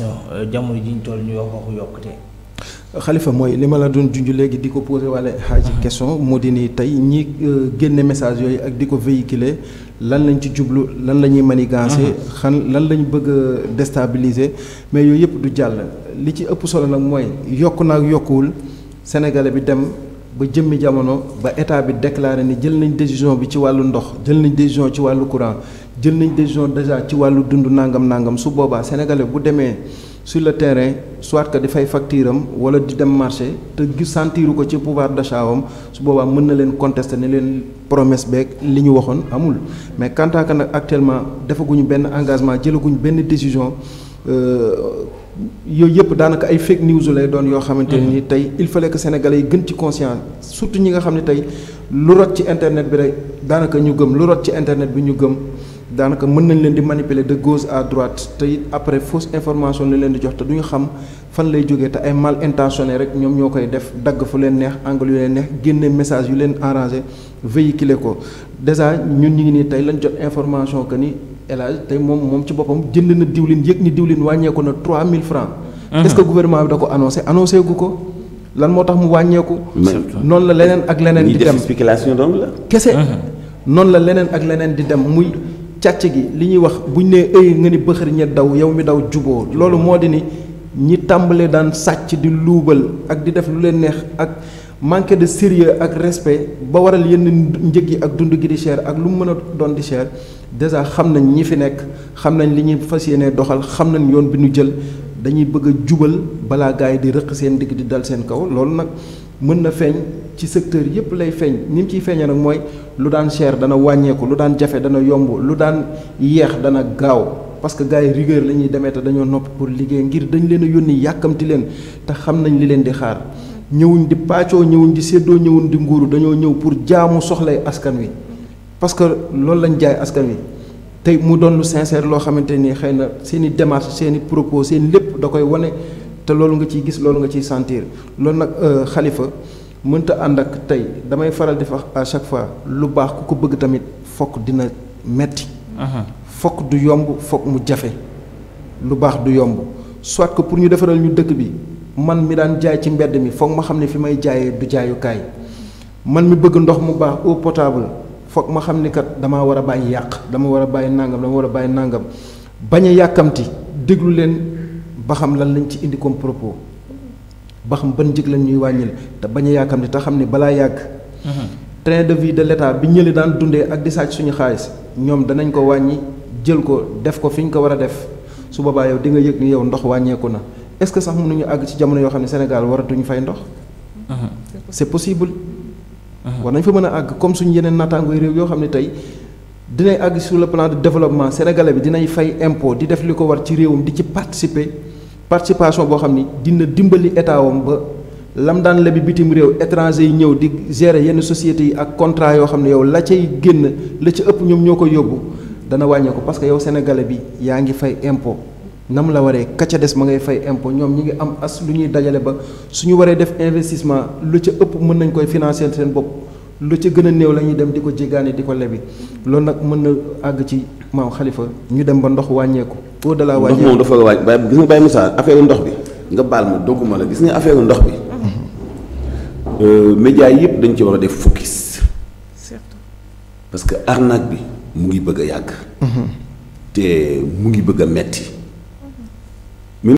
Euh, jamono ji ñu ñu yokk waxu yokkute. xalifa mooy li la doon junj léegi diko poser posé wala xaaji question modini tay ñi euh, génné message yoy ak diko véhiculer lan lañ ci djublu lan la ñuy manigancé xan lan lañ bëgg déstabiliser mais yoy yëpp du jall li ci ëpp solo nak moy yokk naag yokul sénégalais bi dem ba jëmmi jamono ba état bi déclarer ni jël nañ décision bi ci walu ndox jël nañ décision ci walu courant jël nañ décision déjà ci wàllu dund nangam nangam su boobaa sénégalais bu demee su le terrain soit que di fay facture am wala di dem marché te gis sentiru ko ci pouvoir d'achat am su boobaa mën na leen contester ne leen promesse beeg li ñu waxoon amul mais quant nag actuellement defaguñu benn engagement jëlaguñu benn décision euh, yooyu yëpp daanaka ay fake news lay doon yoo xamante ne ni mm-hmm. tey il fallait que sénégalais yi gën ci conscience surtout ñi nga xam ne tey lu ci internet bi rek daanaka ñu gëm lu ci internet bi ñu gëm. daanaka mën nañ leen di manipuler de gauche à droite te it après fausse information lañ leen di jox te duñu xam fan lay jógee te ay mal intentionné rek ñoom ñoo koy def dagg fu leen neex angle yu leen neex génne message yu leen arrangé véhiculer ko déjà ñun ñu ngi nii tey lañ jot information que ni El Hadj tey moom moom ci boppam jënd na diwlin yëg ni diwlin wàññeeku na 3000 francs. est-ce que gouvernement bi da ko annoncé annoncé gu ko. lan moo tax mu wàññeeku. noonu la leneen ak leneen. di dem spéculation la. kese. noonu la leneen ak leneen di dem muy càcc gi li ñuy wax buñ ne ëy nga ni bëxër ña daw yow mi daw juboo loolu moo di ni ñi tàmbale daan sàcc di luubal ak di def lu leen neex ak manqué de sérieux ak respect ba waral yenn njëg yi ak dund gi di cher ak lu mu mën a doon di cher dèjà xam nañ ñi fi nekk xam nañ li ñuy fas yéene doxal xam nañ yoon bi ñu jël dañuy bëgg jubal balaa gaay di rëq seen digg di dal seen kaw loolu nag mën na feeñ ci secteur yépp lay feeñ ni mu ciy feeñee nag mooy lu daan cher dana wàññeeku lu daan jafe dana yomb lu daan yeex dana gaaw parce que gars yi rigueur la ñuy demee te dañoo nopp pour liggéey ngir dañu leen a yónni yàkkamti leen te xam nañ li leen di xaar ñëwuñ di paacoo ñëwuñ di séddoo ñëwuñ di nguuru dañoo ñëw pour jaamu soxlay askan wi parce que loolu lañ jaay askan wi tey mu doon lu sincère loo xamante ni xëy na seen i démarche seen i propos seen lépp da koy wane te loolu nga ciy gis loolu nga ciy sentir loolu nag xalifa euh, mënta ànd ak tey damay faral di wax à chaque fois lu baax ku ko bëgg tamit fokk dina metti fokk du yomb fokk mu jafe lu baax du yomb soit que pour ñu defaral ñu dëkk bi man mi daan jaay ci mbedd mi foog ma xam ne fi may jaayee du jaayukaay man mi bëgg ndox mu baax eau potable foog ma xam ni kat dama war a bàyyi yàq dama war a nangam dama war a nangam bañ a yàkkamti déglu ba xam lan lañ ci indi comme propos ba xam ban njëg lañ ñuy wàññil te bañ a yaakam ni te xam ni balaa yàgg mhm. train de vie de l'état bi ñëli daan dundee ak di sàcc suñu xaalis ñoom danañ ko wàññi jël ko def ko fi ñu ko war a def su boobaay yow di nga yëg ni yow ndox wàññeeku na est-ce que sax mënuñu àgg ci jamono yoo xam ne Sénégal waratuñu fay ndox mhm. c'est possible mhm. war nañ fa mën a àgg comme suñu yeneen nataangooy réew yoo xam ne tey dinay àgg su le plan de développement sénégalais bi dinay fay impôt di def li ko war ci réewam di ci participer participation boo xam ni dina dimbali état wam ba lam daan lebi bitim réew étranger yi ñëw di gérer yenn sociétés yi ak contrat yoo xam ne yow la cay génn la ca ëpp ñoom ñoo ko yóbbu dana wàññeeku parce que yow sénégalais bi yaa ngi fay impôt nam la waree ka des ma ngay fay impôt ñoom ñi ngi am as lu ñuy dajale ba suñu waree def investissement lu ca ëpp mën nañ koy financer seen bopp lu ca gën a néew la ñuy dem di ko jéggaani di ko lebi loolu nag mën na àgg ci maam xalifa ñu dem ba ndox wàññeeku pour de la waaj Moussa affaire ndokh bi nga bal ma la gis nga affaire ndokh bi. Euh, médias dañ ci def parce que arnaque bi mu ngi bëgg yag mhm. mu ngi bëgg